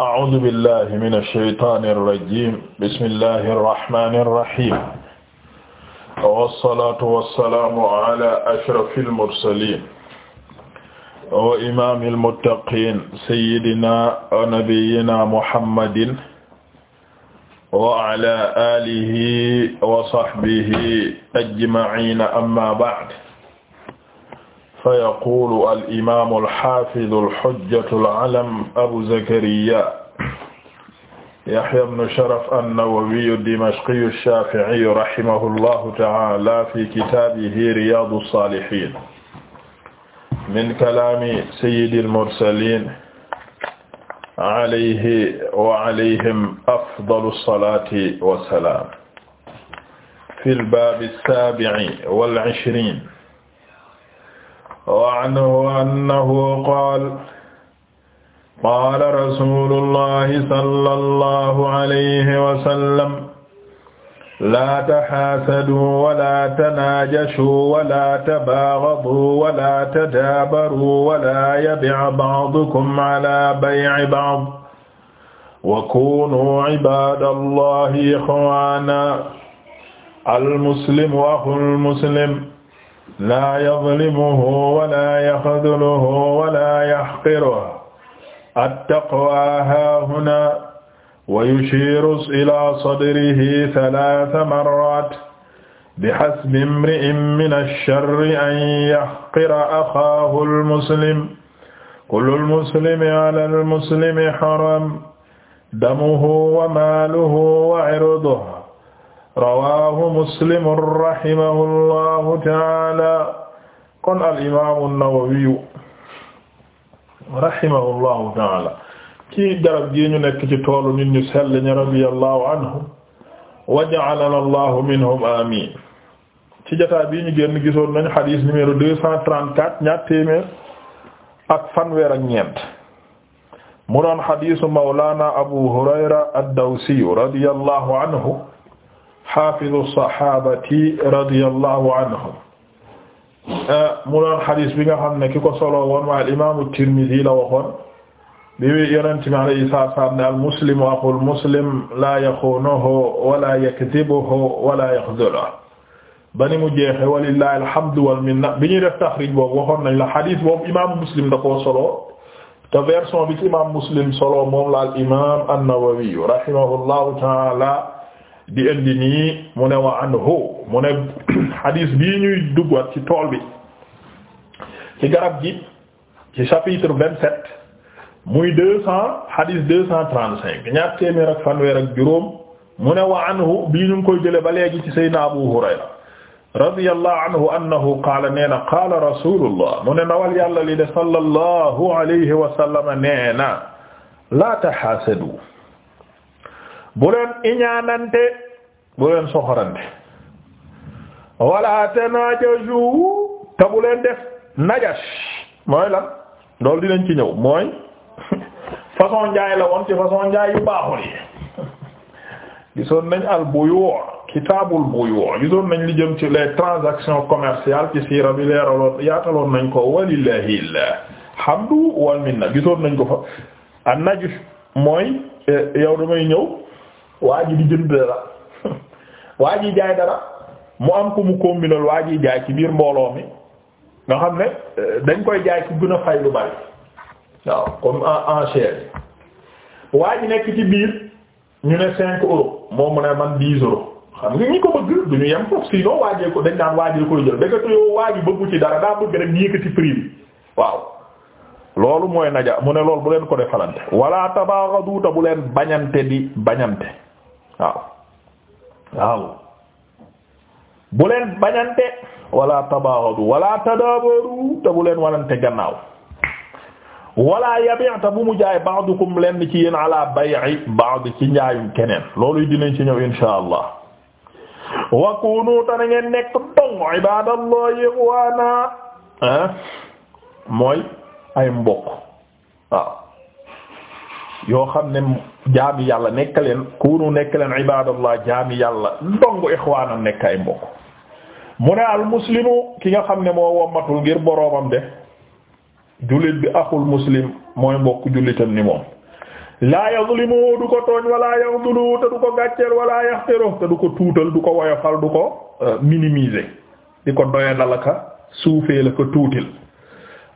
a'uuzu billahi mina shaytaani rajiim bismillahi rahmaani rahiim wassalaatu wassalaamu alaa ashrafil mursaliin wa imaamil muttaqiin sayyidinaa wa nabiyyinaa muhammadin wa alaa aalihi wa sahbihi ajma'iin amma ba'd fayaqulu al imaamu al xaafidu al xujjatu al alam abu zakariya yaxya bnu sharaf annawawiyu dimashqiyu shaaficiyu rahimahu llahu taala fi kitaabihi riyaadu saalihiin min kalaami sayyidil mursaliin alayhi wa alayhim afdalu salaati wa salaam fil baabi saabici wal cishriin wa anhu annahu qaala qaala rasuulullahi sallallahu alayhi wa sallam laa taxaasaduu wala tanaajashuu wala tabaaghaduu wala tadaabaruu wala yabi'a ba'dukum ala bay'i ba'd wa kuunuu ibaadallahi ixwaana al muslimu axul muslim laa yadlimuhu wala yaxduluhu wala yaxqiruhu attaqwa haahuna wa yushiru ilaa sadrihi talaata marrat bixasbi imri'in mina sharri an yaxqira axaahu almuslim kullu almuslimi ala almuslimi haram damuhu wa maaluhu wa irduhu rawaahu muslim rahimahullahu taala kon al imaamu nawawiyu rahimahullahu taala ci garab gi ñu nekk ci toolu nit ñu sell ñi radiyallahu anhum wa ja'alana allahu minhum amiin ci jotaay bii ñu génn gisoon nañu xadiis numéro deux cent trente-quatre ñaar téeméer ak fanweer ak ñeent mu doon xadiisu mawlaana abu hurayra ad-dawsi radiyallahu anhu xaafidu saxaabati radiyallahu anhum mu doon xadis bi nga xam ne ki ko solo woon waa imaamu Tirmidi la waxoon bi muy yonent mi alayhi salaam ne al muslimu axul muslim laa yaxuunuhu wala yakdibuhu wala yaxzuluhu ba ni mu jeexee walillahi alhamdu wal minna bi ñuy def taxriij boobu waxoon nañ la xadis boobu imaamu muslim da koo solo te version bi ci imaamu muslim solo moom la al imaam an-Nawawi rahimahullahu taala di indi nii mu ne wa anhu mu ne hadis bii ñuy duggaat ci tool bi ci garab gi ci chapitre vingt-sept muy deux cent hadis deux cinq ñaar téeméer ak fanweer ak juróom mu ne wa anhu bii ñu ngi koy jële ba léegi ci sayyidina Abu Hurayra radiyallahu anhu annahu qaala nee na qaala rasulullah mu ne nawal yàlla li de sallallahu alayhi wa sallam nee na la tahaasadu bu leen iñaanante bu leen soxorante wala tanajashu te bu leen def najash mooy la loolu dinañ ci ñëw mooy façon njaay la woon ci façon njaay yu baaxul yi gisoon nañ al buyu kitaabul buyu gisoon nañ li jëm ci les transactions commercial ci siira bi leeraloon yaataloon nañ ko walillahi alhamdu wal minna gisoon nañ ko fa a najsh mooy eh, yow may ñëw waa ji di jënd dara waa ji jaay dara mu am ko mu kombinal waa ji jaay ci biir mbooloo mi nga xam ne euh, dañ koy jaay ci gën a fay lu bari waaw comme en enchère waa ji nekk ci biir ñu ne cinq euros moom mu ne man dix euros xam nga ñi ko bëgg du ñu yem foofu sinon waajee ko dañ naan waajee koy jël dëgg te yow waa ji bëggu ci dara daa bëgg rek yëkkati prix waaw. loolu mooy naja mu ne loolu bu leen ko defalante wala tabaaxadu te bu leen bañante di bañante. waaw waaw bu leen bañante wala tabaghadu wala tadabaru te bu leen wanante gannaaw wala yabi'ta bu mu jaay ba'dukum lenn ci yéen ala bay'i ba'd ci njaayum keneen loolu dinañ ci ñëw insha allah wa kunu tana nekk dong ibadallahi ikhwana ah, mooy ay mbokk waaw yoo xam ne jaami yàlla nekk leen kunu nekk leen ibadallah jaami yàlla ndongu ixwaanam nekk ay mbokk mu ne al muslimu ki nga xam ne moo wommatul ngir boroomam de jullit bi axul muslim mooy mbokk jullitam ni moom laa yazlimu du ko tooñ wala yaxdulu te du ko gàcceel wala yaxtiru te du ko tuutal du ko woyofal du ko euh, minimiser di ko doya dalaka suufee la ko tuutil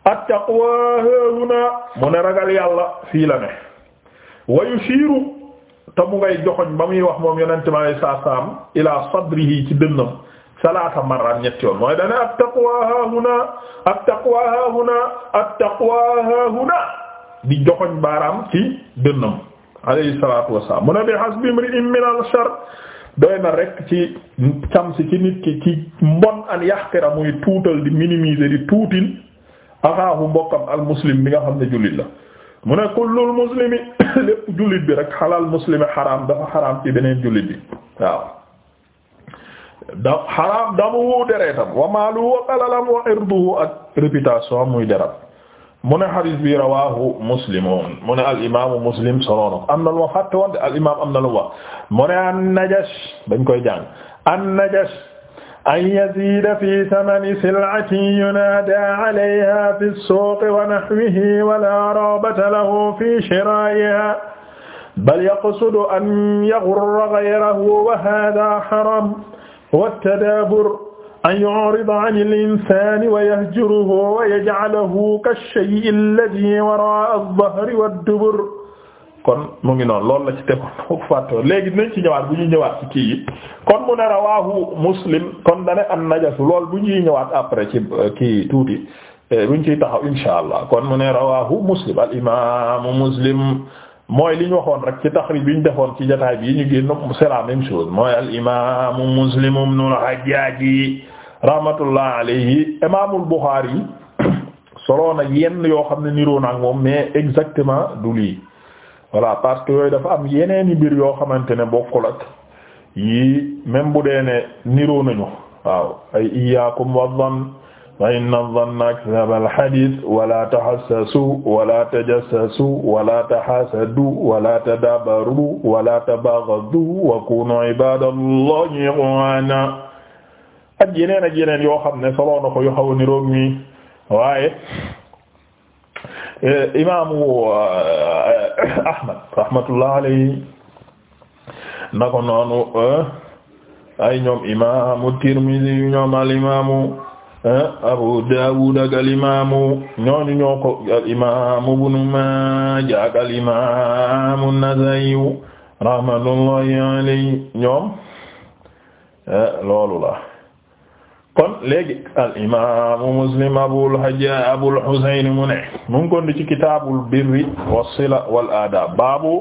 at taqwa hahuna mu ne ragal yàlla fii la ne wa yushiru te mu ngay joxoñ ba muy wax moom yonente mi alay saa salaam ila sadrihi ci dënnam salaata marran ñetti yoon mooy dane at taqwa ha huna at taqwa ha huna at taqwa ha huna di joxoñ baaraam ci dënnam alayhi salatu wassalam mu ne bi hasbi imri'in min al-shar doy na ci cam si ci nit ki ci mbon an yahqira muy tuutal di minimiser di tuutil axaahu mbokkam al muslim bi nga xam ne jullit la mu ne kullul muslimi lépp jullit bi rek xalaal muslimi xaraam dafa xaraam ci beneen jullit bi waaw da xaraam damuhu deretam wa maaluhu wa qalalam wa irduhu ak réputation muy deram mu ne xadis bi rawahu muslim soloono am na lu ma al imaam am na lu wax mu ne an najash dañ koy jàng an an yazida fi samani sil'atin yunaada alayha fi suuqi wa nahwihi wa laa raghbata lahu fi shiraa'iha bal yaqsudu an yaghurra ghayrahu wa haadha haram wattadaabur an yu'rida 'ani al-insaani wa yahjuruhu wa yaj'alahu kash-shay'i alladhii waraa'a adh-dhahri wad-dubur kon mu ngi noonu loolu la ci tegoon ko léegi dinañ ci ñëwaat bu ñuy ñëwaat ci kii yi kon mu ne rawaahu muslim kon dane an najasu lool bu ñuy ñëwaat après ci euh, kii tuuti euh, bu ñu ciy taxaw insha allah kon mu ne rawaahu muslim al imaamu muslim mooy li ñu waxoon rek ci taxrij bi ñu defoon ci jotaay bi ñu génn c'est la même chose mooy al imaamu muslim ibn al hajjaaj rahmatullah alayhi imaamul buxaari solo na yenn yoo xam ne niroo na ak moom mais exactement du lii. voilà parce yooyu dafa am yeneeni mbir yoo xamante ne bokkul ak yii même bu deene ne niroo nañu waaw ay iyaakum wadh na fa inna adh-dhanna akdhaba al-hadith wala tahassasu wala tajassasu wala tahasadu wala tadabaru wala tabaghadu wa kunu ibadallahi ak yeneen ak yeneen yoo xam ne soloo na Ahmad rahmatullah alayhi na ko noonu eh, ay ñoom imaamu Tirmidhi ñoom al imaamu eh, Abu Dawud ak al imaamu ñooñu ñoo ko al imaamu Ibnu Maaja al imaamu Nasaa'i rahmatullahi alayhi ñoom eh, loolu la kon léegi al imaamu muslim abul hajjaaj abul husayn mu ne mu ngi kon di ci kitaabul birri wassila wal aadaab baabu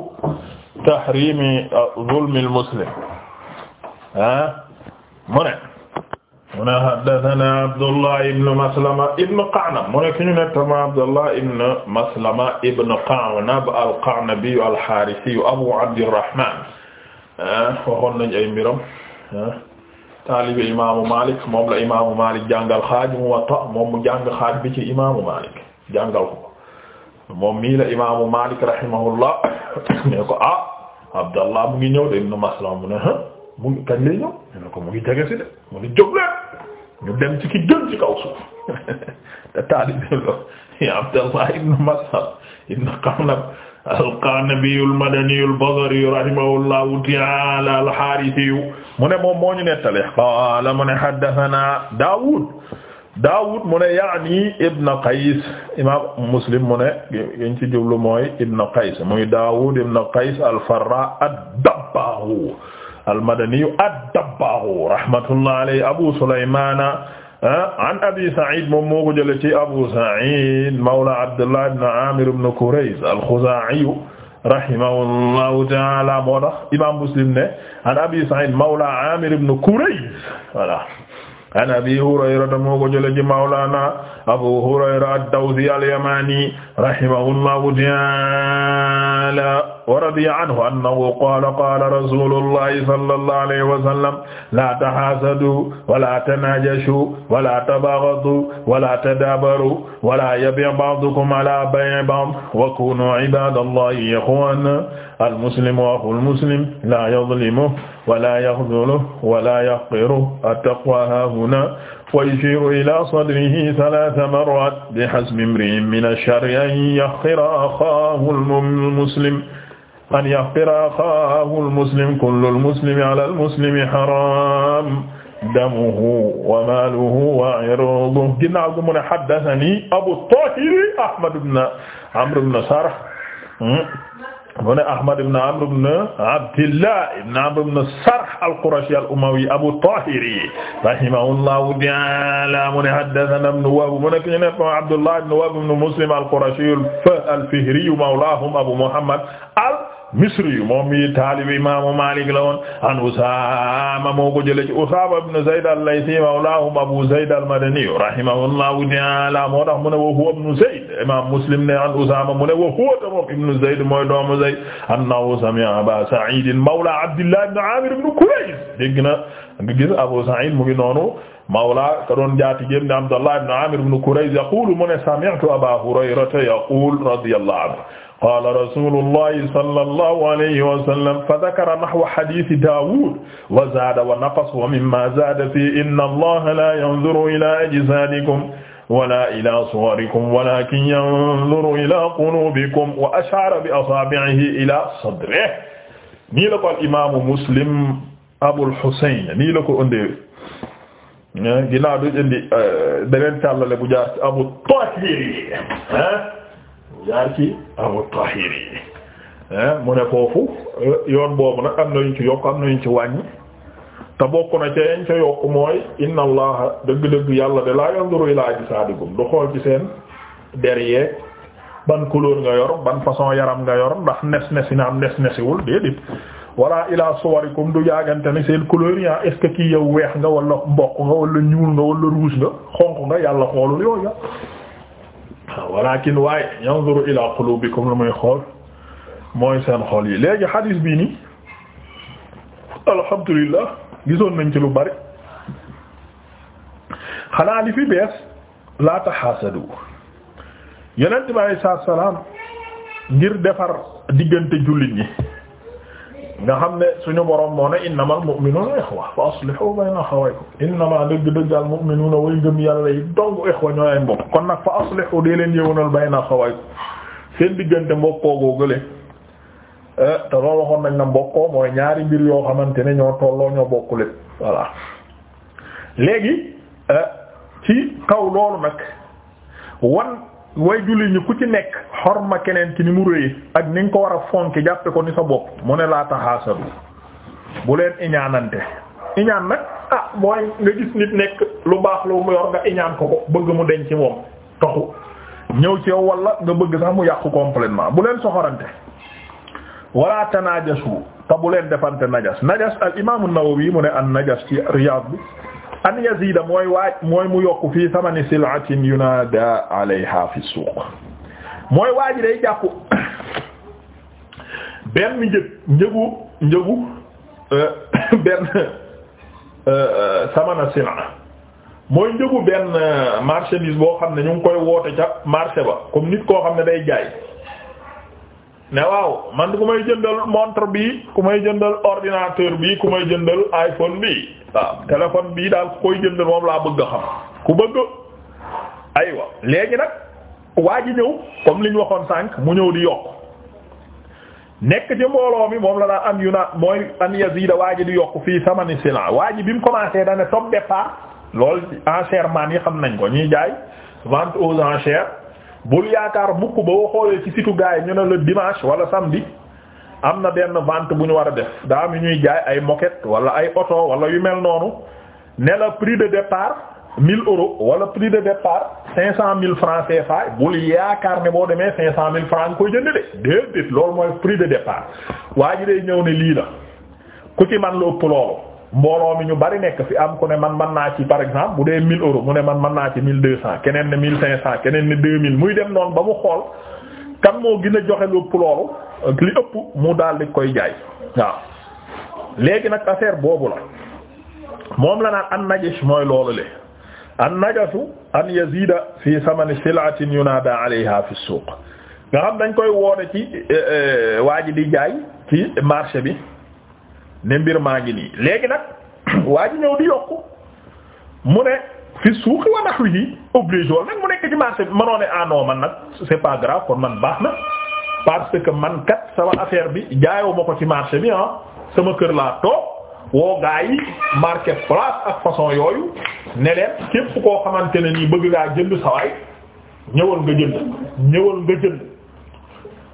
tahriimi zulmil muslim ah mu ne mu ne haddasanaa Abdullah ibn Maslama ibn Qa'nab mu ne ki ñu nettama Abdullah ibn Maslama ibn Qa'nab al-Qa'nabi al-Haarisi Abu Abdirrahmaan ah, waxoon nañ ay mbiram ah. taalibe imaamu Malik moom la imaamu Malik jàngal xaaj moom mu jàng xaaj bi ci imaamu Malik jàngal la imaamu Malik rahimahullah ah, Abdallah mu ngi ñëw de mu ne ah mu ngi kañ lay ñëw ne ko mu ngi jege si mu ngi jóg leen ñu dem ci ki gën ci kaw alqaanabiyu almadaniyu albasariyu rahimahullahu taala alxaarisiyu mu ne moom moo ñu nettale qaala mu ne haddasanaa Daawuud Daawuud mu ne yaani Ibn Qays imaam Muslim mu ne ñu ci jublu mooy Ibn Qays muy Daawuud Ibn Qays alfarra ad-Dabbaahu almadaniyu ad-Dabbaahu rahmatullahi alayhi Abu Sulaymaana Ah, an abi Saïd moom moo ko jëlee ci Abu Saïd mawla Abdullah ibn Amir ibn Kurayz al-Khuzaa'i rahimahullahu ta'ala moo tax imaam Muslim ne an abi Saïd mawla Amir ibn Kurayz voilà an abi Hurayrata moo ko jëlee ci mawlaana Abu Hurayra ad-Dawsi al-Yamani rahimahullahu ta'ala wa radiya anhu annahu qaala qaala rasulullahi sallallahu alayhi wa sallam la tahaasadu wala tanaajashu wala tabaghadu wala tadaabaru wala yabi' ba'dukum ala bay'i ba'd wa kunu ibadallahi ikhwana almuslimu akhul muslim la yadhlimuhu wala yakhdhuluhu wala yahqiruhu at-taqwa haahuna wa yushiru ila sadrihi thalatha marrat bihasbi imri'in mina ash-sharri an yahqira akhaahu al-muslim an yahqira axaahu almuslim kullu almuslimi ala almuslimi haram damuhu wa maaluhu wa irduhu ginnaaw gi mu ne haddathani abu tahir ahmad ibn amr ibn sarh hmm? mu ne ahmad ibn amr ibn abdillah ibn amr ibn sarh al-qurashi al-umawi abu tahir rahimahullahu ta'ala mu ne haddathana ibn wahb mu nekk ñu ne abdullah ibn wahb ibn muslim al-qurashi al-fihri mawlahum abu muhammad misri yu moom mi taalib imaamu Maalik la woon an Usaama moo ko jëlee ci Usaama ibn Zayd al-Laythi mawlaahum Abu Zayd al-Madani rahimahullahu ta'aala moo tax mu ne wa huwa ibn Zayd imaam Muslim ne an Usaama mu ne wa huwa ta moom ibn Zayd mooy doomu Zayd annahu sami'a Abaa Sa'iid mawlaa Abdillah ibn Aamir ibn Kurays dégg na nga gis Abu Sa'iid mu ngi noonu mawla ka doon jaatigéem ne Abdallah ibn Aamir ibn Kurays yaquulu mu ne sami'tu Abaa Hurayrata yaquulu radiyallahu anhu qaala rasuulullahi sallallahu alayhi wa sallam fa dhakara nahwa hadiisi Daawuud wa zaada wa naqasa wa mimmaa zaada fiihi inna Allaha laa yanzuru ilaa ajsaadikum wala ilaa suwarikum walaakin yanzuru ilaa quluubikum wa ashara bi asaabi'ihi ilaa sadrihi nii la ko al imaamu Muslim Abul Husayn nii la ko ëndee ginnaaw du indi eh, beneen tàllale bu jaar ci Abu Taahir eh? jaar ci al-Mutahhiri eh, mu ne foofu eh, yoon boobu nag am na ñu ci yokk am na ñu ci wàññi te bokk na ca yañ ca yokk mooy inna dëgg-dëgg yàlla de laa yanduru ilaa ajsaadikum du xool ci seen der yeeg ban couleur nga yor ban façon yaram nga yor ndax nes nesi na am nes nesiwul déedéet wala ilaa suwarikum du yaagante ne seen couleur ya ah, est kii yow weex nga wala mboq nga wala ñuul nga wala rouge nga xonq nga yàlla xoolul yooyu ah. walakin waaye yanzuru ila qulubikum la muy xool mooy seen xool yi léegi xadiis bii nii alhamdulillah gisoon nañ ci lu bari xanaa li fi bees laa taxaasadu yonent bi alayhi salaam ngir defar diggante jullit ñi nga xam ne suñu borom moo ne innamal mu'minuna ikhwa fa aslihu bayna akhawaykum innama dëgg-dëgg al mu'minuna way ngëm yàlla yi dong ikhwa ñooy ay mbokk kon nag fa aslihu dee leen yëwanal bayna akhawaykum seen diggante mbokkoo googale eh, te loolu waxoon nañ na mbokkoo mooy ñaari mbir yoo xamante ne ñoo tolloo ñoo bokk lépp voilà léegi eh, ci kaw loolu nag wan way julli ñi ku ci nekk ma keneen ki ni mu rëy ak ni nga ko war a fonki jàppe ko ni sa bopp mu ne laa taxaasadu bu leen iñaanante iñaan nag ah mooy nga gis nit nekk lu baax lu mu yor nga iñaan ko ko bëgg mu denc ci moom toxu ñëw ci yow wala nga bëgg sax mu yàqu complètement bu leen soxorante wala tanaajasu te bu leen defante najas najas al imaamu Nawawi mu ne an najas ci Riyaad bi an yazida mooy waaj mooy mu yokku fii samani sil'atin yunada alayha fi suuq mooy waaj day jàpp benn njëg njëgu njëgu euh, benn euh, samana sil'a mooy njëgu benn euh, marchandise boo xam ne ñu ngi koy woote ca marché ba comme nit koo xam ne day jaay ne waaw man ku may jëndal montre bi ku may jëndal ordinateur bi ku may jëndal iPhone bi waaw téléphone bii daal koy jënd moom laa bëgg a xam ku bëgg aywa léegi nag waa ji ñëw comme li ñu waxoon sànq mu ñëw di yokk nekk ci mbooloo mi moom la daan am yu na mooy an yazida waa ji di yokk fii samani sila waa ji bi mu commencé dane top départ lool man yi xam nañ ko ñuy jaay vente aux enchères bul yaakaar mukk ba xoolee ci situ gaay ñu ne la dimanche wala samedi am na benn vente bu ñu war a def daa am ñuy jaay ay moquette wala ay oto wala yu mel noonu ne la prix de départ 1000 euro wala prix de départ 500000 francs CFA bul yaakaar ne boo demee 500000 francs nga koy jënd de déedéet loolu mooy prix de départ waa ji day ñëw ne lii la ku ci man lu ëpp loolu mbooloo mi ñu bari nekk fi am ku ne man mën naa ci par exemple bu dee 1000 euros mu ne man mën naa ci 1200 keneen ne 1500 keneen ne 2000 muy dem noonu ba xool kan moo gën a joxe lu ëpp li ëpp mu daal di koy jaay waaw léegi nag affaire boobu la moom la naan an najash mooy loolu le an najasu an yazida fi samani sil'atin yunada alayha fi suuq nga dañ koy woone ci eh, eh, waa ji di jaay ci marché bi ne mbir maa ngi nii léegi nag waa ñëw di yokk mu ne fi suuqi wa nahwihi obligé nag mu nekk ci marché bi mënoo ne ah man nag c'est pas grave kon man baax na parce que man kat sama affaire bi jaayoo ma ko ci marché bi ah sama kër laa toog woo gaa yi marché place ak façon yooyu ne képp koo xamante ne nii bëgg ngaa jënd sawaay ñëwal nga jënd ñëwal nga jënd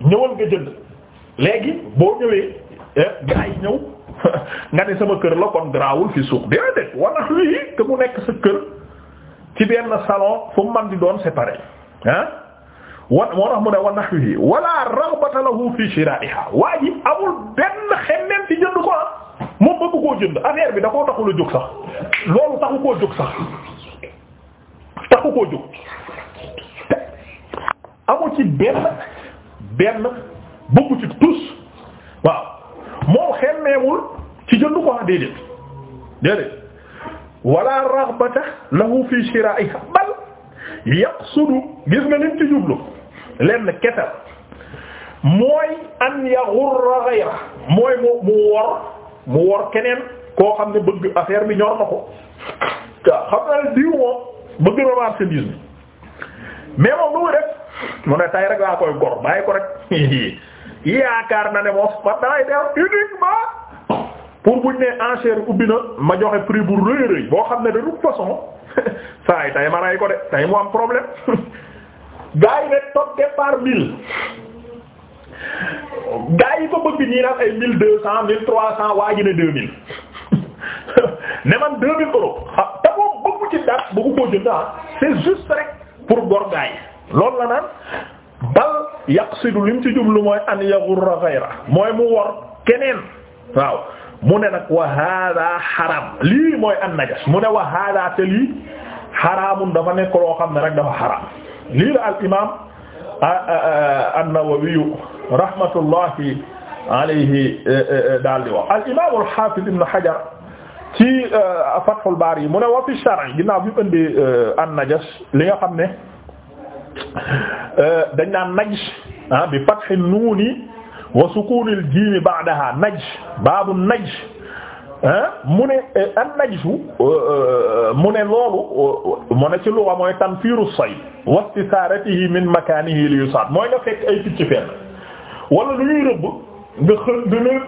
ñëwal nga jënd léegi boo ñëwee eh, gaa yi ñëw nga ne sama kër la kon garaawul fi suuf déedéet wala lii te mu nekk sa kër ci benn salon fu mu mën di doon séparé ah. wa moo mu ne wa nahwihi wala raghbata lahu fi shira'iha waa amul benn xemmem ci jënd ko ah. moom bëgg koo jënd affaire bi dakoo koo a jóg sax loolu taxu koo jóg sax taxu koo jóg amul ci benn benn bëggu ci tus waaw moom xemmeewul ci jënd ko ah, déedéet déedéet wala raghbata lahu fi shira'iha bal yaqsudu gis nga nim ci jublu lenn kese mooy an yaghurra ghayra mooy mu mu wor mu wor keneen koo xam ne bëgg affaire bi ñor na ko waaw xam naa ne diw moom bëgg na marchandise bi mais moom lu mu def mu ne tay rek laa koy gor bàyyi ko rek yaakaar na ne moom man damay def uniquement pour buñ ne enchère ubbi na ma joxe pris bu rëy rëy boo xam ne de toute façon saa tay ma ray ko de tay mu am problème gaa yi ne top départ mille gaa yi ko bëgg ñii naan ay mille deux cent mille trois cent waa ji ne deux mille ne man deux mille euros ah te ci dara bëggu koo jënd ah c'est juste rek pour gor gaa yi loolu la naan bal yaqsidu lim ci jublu mooy an yaghurra ghayra mooy mu wor keneen waaw mu ne nag wa hada xaram lii mooy an najas mu ne wa hada te lii xaraamun dafa nekk loo xam ne rek dafa xaraam. lii la al imaam an-Nawawi rahmatullahi alayhi e, e, e, daal di wax al imaam al-Hafiz Ibn Hajar ci Fathul Bari mu ne wa fi shar'i ginnaaw bi mu indi an-najas li nga xam ne dañ naan najj ah bi fathi nuuni wa sukuunil jiimi ba'daha najj baabu najj mu ne euh, an najsu euh, euh, mu ne loolu mu ne ci luwa mooy tanfiru say wastisaaratihi min makaanihi li yusaat mooy nga fekk ay picc fenn wala lu ñuy rëbb nga xël nga leen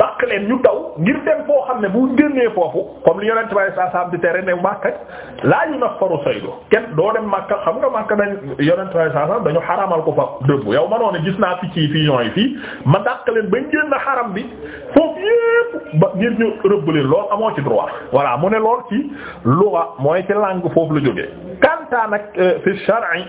daq leen ñu daw ngir dem foo xam ne bu génnee foofu comme li yonent bi saa saam di tere ne Makka laa yu nafaru saydu kenn doo dem Makka xam nga Makka dañ yonent bi saa saam dañu xaramal ko fa dëbb yow ma noonu gis naa picc yi fii ñooy fii ma daq leen bañ génn xaram bi foofu ba ngir ñu rëbb leen lool amoo ci droit voilà mu ne lool ci lugha mooy ci langue foofu la jógee. kanta nag euh, fi shar'i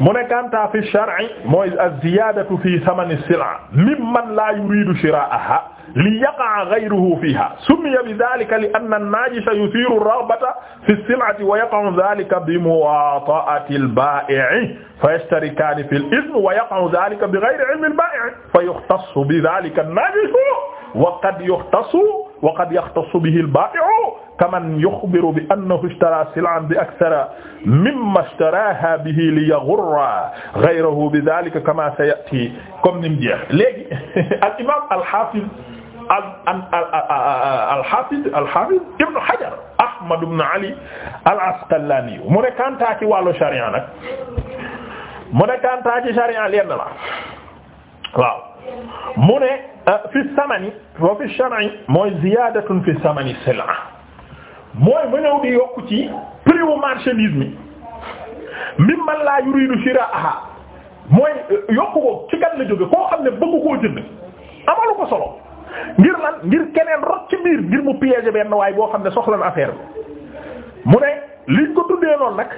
mu ne kanta fi shar'i mooy az-ziyadatu fi thaman as-sil'a mimman la yuridu shira'aha li yaqa ghayruhu fiha summiya bi dhalika li anna an-najisha yuthiru ar-raghbata fi as-sil'ati wa yaqa dhalika bi muwata'ati al-ba'i fa yashtarikani fi al-ithm wa yaqa dhalika bi ghayri 'ilmi al-ba'i fa yukhtassu bi dhalika an-najishu wa qad yuxtasu wa qad yaxtasu bihi al-baa'i'u kaman yuxbiru bi annahu ishtara sil'an bi akthara mimma ishtaraha bihi li yaghurra ghayrahu bi dhalika kama sayati comme ni mu jeex léegi al-imam al-hafiz al-hafiz al-hafiz ibn Hajar Ahmad ibn Ali al-Asqalani mu ne kantaa ci wàllu sharia nag mu ne kantaa ci sharia lenn la waaw mu ne Euh, fi samani wa fi shar'i mooy ziyaadatun fi samani sil'a mooy ma ñëw di yokk ci prix wu man mi mimman la yuridu shira'aha mooy euh, yokk ko ci kan la jóge xam ne bëgg koo jënd amalu ko solo ngir lan ngir keneen rot ci biir ngir mu piéger na waay boo xam ne soxla na affaire mu ne liñ ko tuddee noonu nag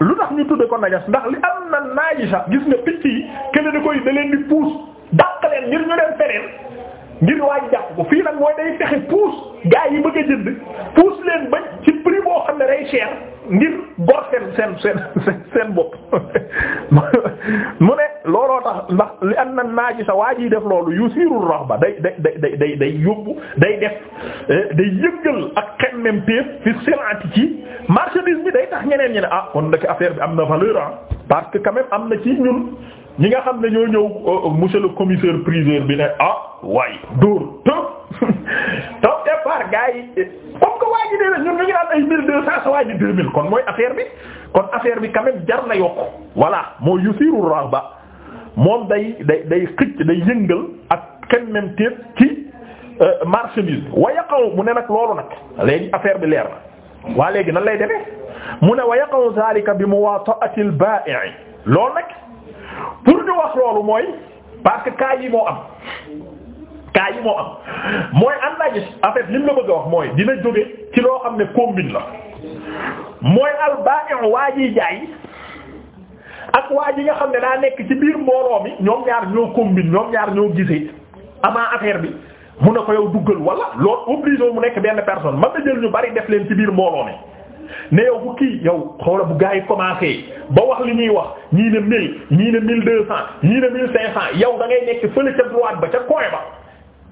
lu tax ñu tudde ko najas ndax li am naajisa gis nga picc yi kenn da koy da puus dàq leen ngir ñu dem feneen ngir waaj jàpp ko fii nag mooy day fexe puus gaa yi bëgg a jënd puus leen bañ ci prix boo xam ne day cher ngir gor seen seen seen seen bopp mu ne looloo tax ndax li am na naaji sa waa jiy def loolu yusiru rahba day day day day day yóbbu day def eh, day yëngal ak xemmem téef fi silati ci marchandise bi day tax ñeneen ñi ne ah kon ndeke affaire bi am na valeur ah parce que quand am na ci ñun ñi nga xam ne ñoo ñëw euh, monsieur le commissaire priseur bi ne ah waaye dóor tëb taw départ gars yi comme que waa ji nee na ñun ñu ngi kon mooy affaire bi kon affaire bi quand même jar na yokk voilà moo yusiru rahba moom day day day xëcc day yëngal ak kenn même téet ci euh, marchandise wa yaqaw mu ne nag loolu nag léegi affaire bi leer na waa léegi nan lay demee mu ne wa yaqaw zalika bi muwata'ati al ba'i loolu nag pour ñu wax loolu mooy parce que cas yi moo am cas moo am mooy am na gis en lim la bëgg a wax mooy dina jóge ci loo xam ne combine la mooy albaa'i waaj ji jaay ak waa ji nga xam ne daa nekk ci biir mbooloo mi ñoom ñaar ñoo combine ñoom ñaar ñoo gisee avant affaire bi mun na ko yow duggal wala loolu obligé mu nekk benn personne man na jël ñu bari def leen ci biir mbooloo mi ne yow bu kii yow xoola bu gaa yi commencé ba wax li ñuy wax ñii ne mille ñii ne mille deux cent ñii ne mille cinq cent yow da ngay nekk fële ca droite ba ca coin ba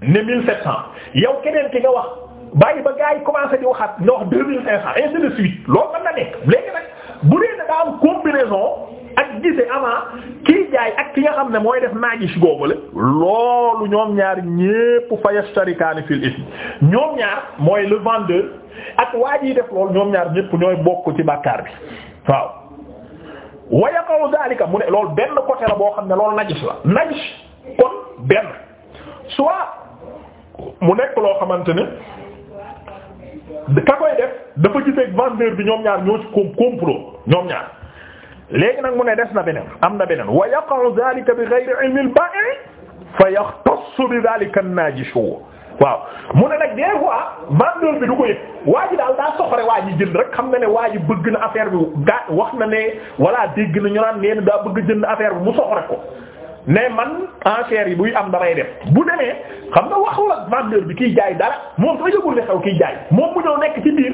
ne mille sept cent yow keneen ki nga wax bàyyi ba gaa yi commencé di waxaat nga wax deux mille cinq cent ainsi de suite loolu mën nekk léegi nag bu dee da nga combinaison. ak gise avant kiy jaay ak ki nga xam ne mooy def naagis googale loolu ñoom ñaar ñépp fa yashtarikaani fil ism ñoom ñaar mooy le vendeur ak waa ji def loolu ñoom ñaar ñépp ñooy bokk ci bàkkaar bi waaw wa yaqaw daalika mu ne lool benn côté la boo xam ne loolu najis la najis kon benn soit mu nekk loo xamante ne ka koy def dafa giseeg vendeur bi ñoom ñaar ñoo ci complot ñoom ñaar léegi nag mu ne des na benen am na beneen wa yaqa'u dhalika bi ghayri ilmi al-ba'i fa yaxtassu bi dhalika an-najishu waaw mu ne nag des fois vendeur bi du ko yëg daa soxore waa jënd rek xam na ne waa ji bëgg na affaire bi gaa wax na ne walla dégg na ñu naan nee na daa jënd affaire bi mu soxore ko ne man enchères yi buy am damay def bu demee xam nga waxul ak vendeur bi kiy jaay dara moom soo yëgul ne xew kiy jaay moom mu ñëw nekk ci biir.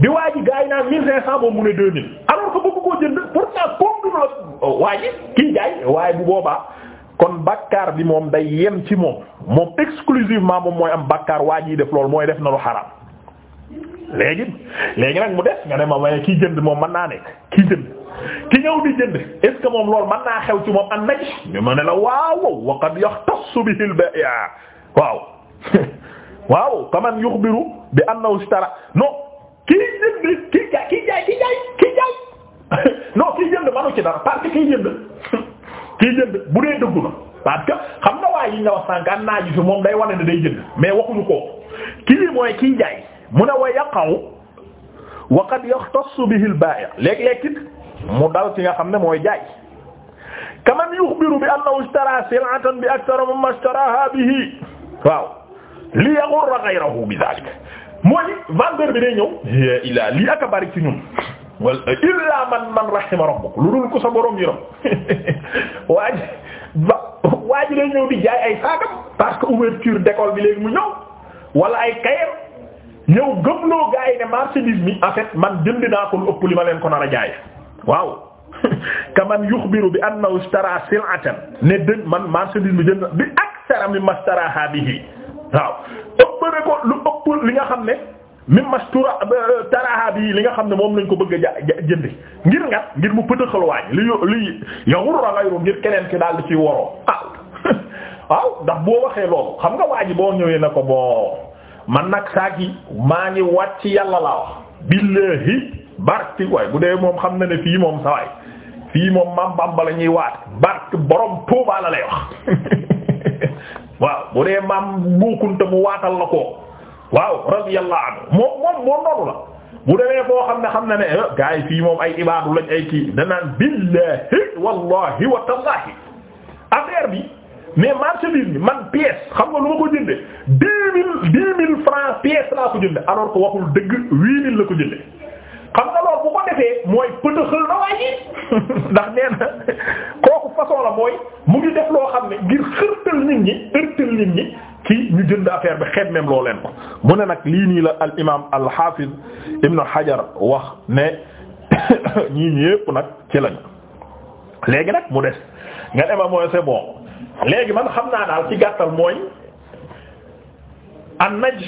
bi waa ji gars yi naan moom mu ne deux mille alors que koo jënd pourtant comme la euh, waa ji kii jaay waaye bu boobaa kon bakkaar bi moom day yem ci moom moom exclusivement moom mooy am bakkaar waa ji def loolu mooy def na lu xaraam léegi léegi nag mu des nga ne ma waaye kii jënd moom man naa nekk kii jënd ki ñëw di jënd est ce moom loolu mën naa xew ci moom an naj ñu ma ne la waaw wa waaw waaw kaman yukhbiru bi annahu ishtara non kii jënd kii jaay kii jaay kii jaay kii jaay non kii jënd manu ci dara parce que kii jënd kii jënd bu dee dëggu na parce que xam nga waaye yi nga wax sànq am naa gisu moom day wane ne day jënd mais waxuñu ko kii mooy kii jaay mu ne wa yaqaw wa qad yaxtassu bihi al-baa'i' léeg-léeg it mu dal ci nga xam ne mooy jaay kaman yuxbiru bi annahu ishtara sil'atan bi akthar mimma ishtaraha bihi waaw li yaghurra ghayrahu bi dhalik mooy vendeur bi day ñëw eh, illaa lii aka bari ci ñun wala man man rahima rabbuk lu dul ko sa borom yërëm waa ji waa ji day ñëw di jaay ay saagam parce que ouverture d'école bi léegi mu ñëw wala ay kayam ñëw gëmloo gaa yi ne marchandise bi en fait man jënd naa ko ëpp li ma leen ko nar a jaay waaw kaman yuxbiru bi annahu istara sil'atan ne dën man marchandise bi jënd bi aksara mimma istaraha bihi waaw ëpp ne lu ëpp ëpp li nga xam ne mim mastura euh, taraha bi li nga xam ne moom lañ ko bëgg a ja jëndi ngir ngat ngir mu pëtëxal waañ li li yawurra ghayru ngir keneen ki daal di ciy woroo ah. ndax boo waxee loolu xam nga waa ji boo ñëwee na ko boo man nag saak yi maa ngi wàcc yàlla laa wax billahi barki waay bu dee moom xam na ne fii moom sa waay fii moom mam bamba la ñuy waat bark borom Tuuba wax waaw bu dee mam buukunte mu waatal la ko waaw radiyallahu anhu moom moom moom noonu la bu demee boo xam ne xam na ne eh, gars yi moom ay ibaadu lañ ay kii danaan billahi wallahi wa tallahi affaire bi mais marchandise bi man pièce xam nga lu ma ko jënde deux mille dix mille francs pièce laa ko jënde alors que waxul dëgg huit mille la ko jënde xam nga loolu bu ko defee mooy pëtëxal na waa ji ndax nee kooku façon la mooy mu ngi def loo xam ne ngir xërtal nit ñi ërtal nit ñi ci ñu jënd affaire bi xeet même loo leen ko mu ne nag lii nii la al imaam al hafiz ibn hajar wax ne ñii ñépp nag ci lañu léegi nag mu des nga dema mooy c'est bon man xam naa daal ci gàttal mooy an naj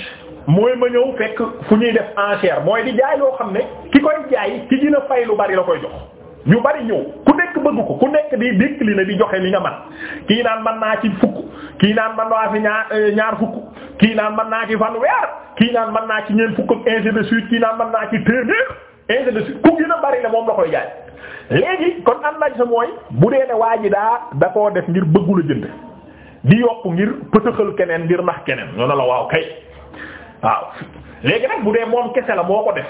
mooy ma ñëw fekk fu ñuy def enchère mooy di jaay loo xam ne ki koy jaay ki dina fay lu bari la koy jox ñu bari ñëw ku nekk bëgg ko ku nekk di dékk décliner di joxe li nga man kii naan man naa ci fukk kii naan man naa ci ñaar euh, ñaar kii naan man naa ci fanweer kii naan man naa ci ñeent fukk ak ainsi de suite kii naan man naa ci téeméer ainsi de suite ku gën a bari la moom la koy jaay léegi kon am nañ sa mooy bu dee ne waa ji daa da koo def ngir bëggu la jënd di yokk ngir pëtëxal keneen ngir nax keneen ñoo waaw léegi nag bu dee moom kese la moo ko def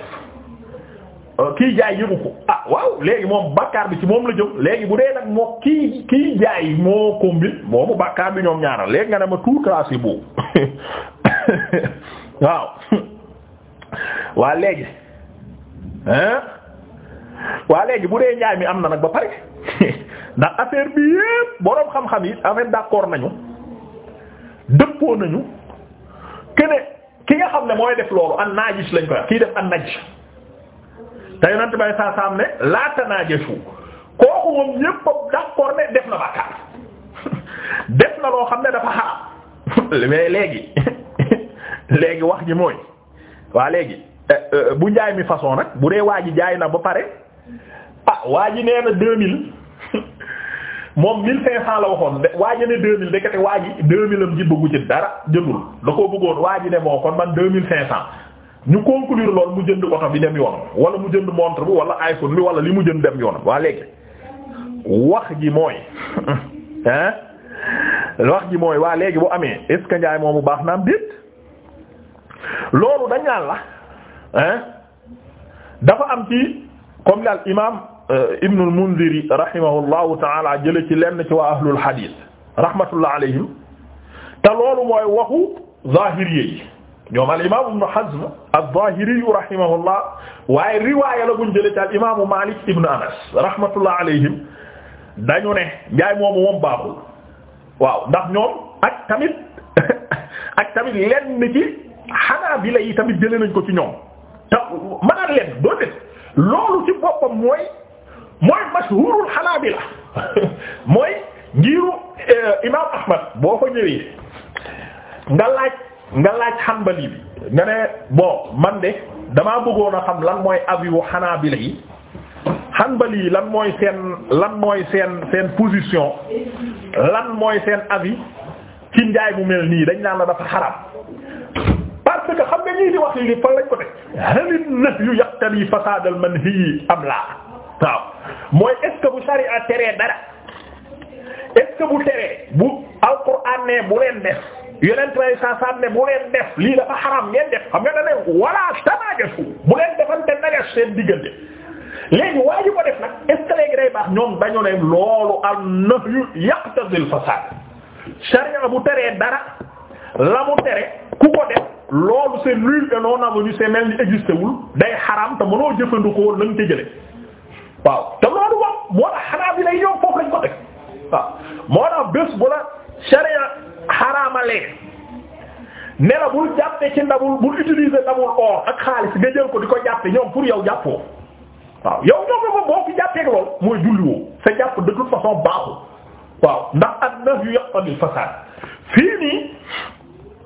euh, kii jaay yëgu ah, léegi moom bàkkaar bi ci moom la jëm léegi bu dee nag moo kii kii jaay moo combine moomu bàkkaar bi ñoom ñaara léegi nga ne ma tout classé boobu waaw waa léegi hein waa léegi bu dee njaay mi am na nag ba pare ndax affaire bi yépp boroom xam-xam yi affaire d'accord nañu dëppoo nañu kene ki nga xam ne mooy def loolu an najis lañ koy wax kii def an najis te yonent bay saa am ne laata najasu kooku moom ñépp d'accord ne def na bàkkaar def na loo xam ne dafa xaram léegi léegi wax ji mooy waa léegi eh, eh, bu njaay mi façon nag bu dee waa ji jaay na ba pare ah waa ji nee na deux mille moom mille cinq cent la waxoon waa ji ne deux mille ndekete waa ji deux mille ji bëggu ci dara jëndul da koo bëggoon waa ji ne moo kon man deux mille cinq cent ñu conclure lool mu jënd oto bi dem yoonam wala mu jënd montre bi wala iPhone bi wala li mu jënd dem yoonam waa léegi wax ji mooy hein wax ji mooy waa léegi bu amee est ce que njaay moomu baax naa am déet loolu dañ naan la hein dafa am ci comme daal imaam Euh, ibn al-Mundhir rahimahullahu ta'ala jëlee ci lenn ci waa ahlul hadith rahmatullah alayhim te loolu mooy waxu zahiriyya yi ñoom al-imaam Ibn Hazm az-Zahiri rahimahullah waaye riwaaya la buñ jëlee ci al-imaam Maalik ibn Anas rahmatullah alayhim dañu ne njaay moomu moom baaxul waaw ndax ñoom ak tamit ak tamit lenn ci Hanaabila yi tamit jëlee nañ ko ci ñoom te mën a leen doo def loolu ci boppam mooy mooy mashhurul hanabila mooy ngiru eh, imam ahmad boo ko ñëwee nga laaj nga laaj hanbali bi nga ne bon man de damaa bëggoon a xam lan mooy avis hanabila yi hanbali yi lan mooy seen lan mooy seen seen position lan mooy seen avis ci njaay mu mel nii dañ naan la dafa xaram parce que xam nga ñii di wax li fan lañ ko teg halin nahyu yaqtali fasad al manhi am la waaw mooy est-ce que bu sariya teree dara est-ce que bu teree bu alquran ne bu leen def yeneen traçais sànni ne bu leen def lii dafa xaram ngeen def xam nga da ne wala tanajasu bu leen defante nagas seen diggante léegi waa ji ko def nag est-ce que léegi day baax ñoom dañu ne loolu an-nahyu yaqtadil fasaad sariya bu teree dara la mu tere ku ko def loolu c'est nul et non avenu c'est même ni existé day xaram te mënoo jëfandikoo lañ ca jëlee. waaw te loolu moom moo tax xanaa bi lay ñoom foofu lañ ko teg waaw moo tax bés bu la sharia xaraamalee ne la bul jàppe ci ndabul bul utiliser ndabul or ak xaalis nga ko di ko jàppe ñoom pour yaw jàppoo waaw yow ñoom la boo fi jàppeek lool mooy julliwoo sa jàpp de toute façon baaxul waaw ndax ak naf yu yaqtadi fasaad fii nii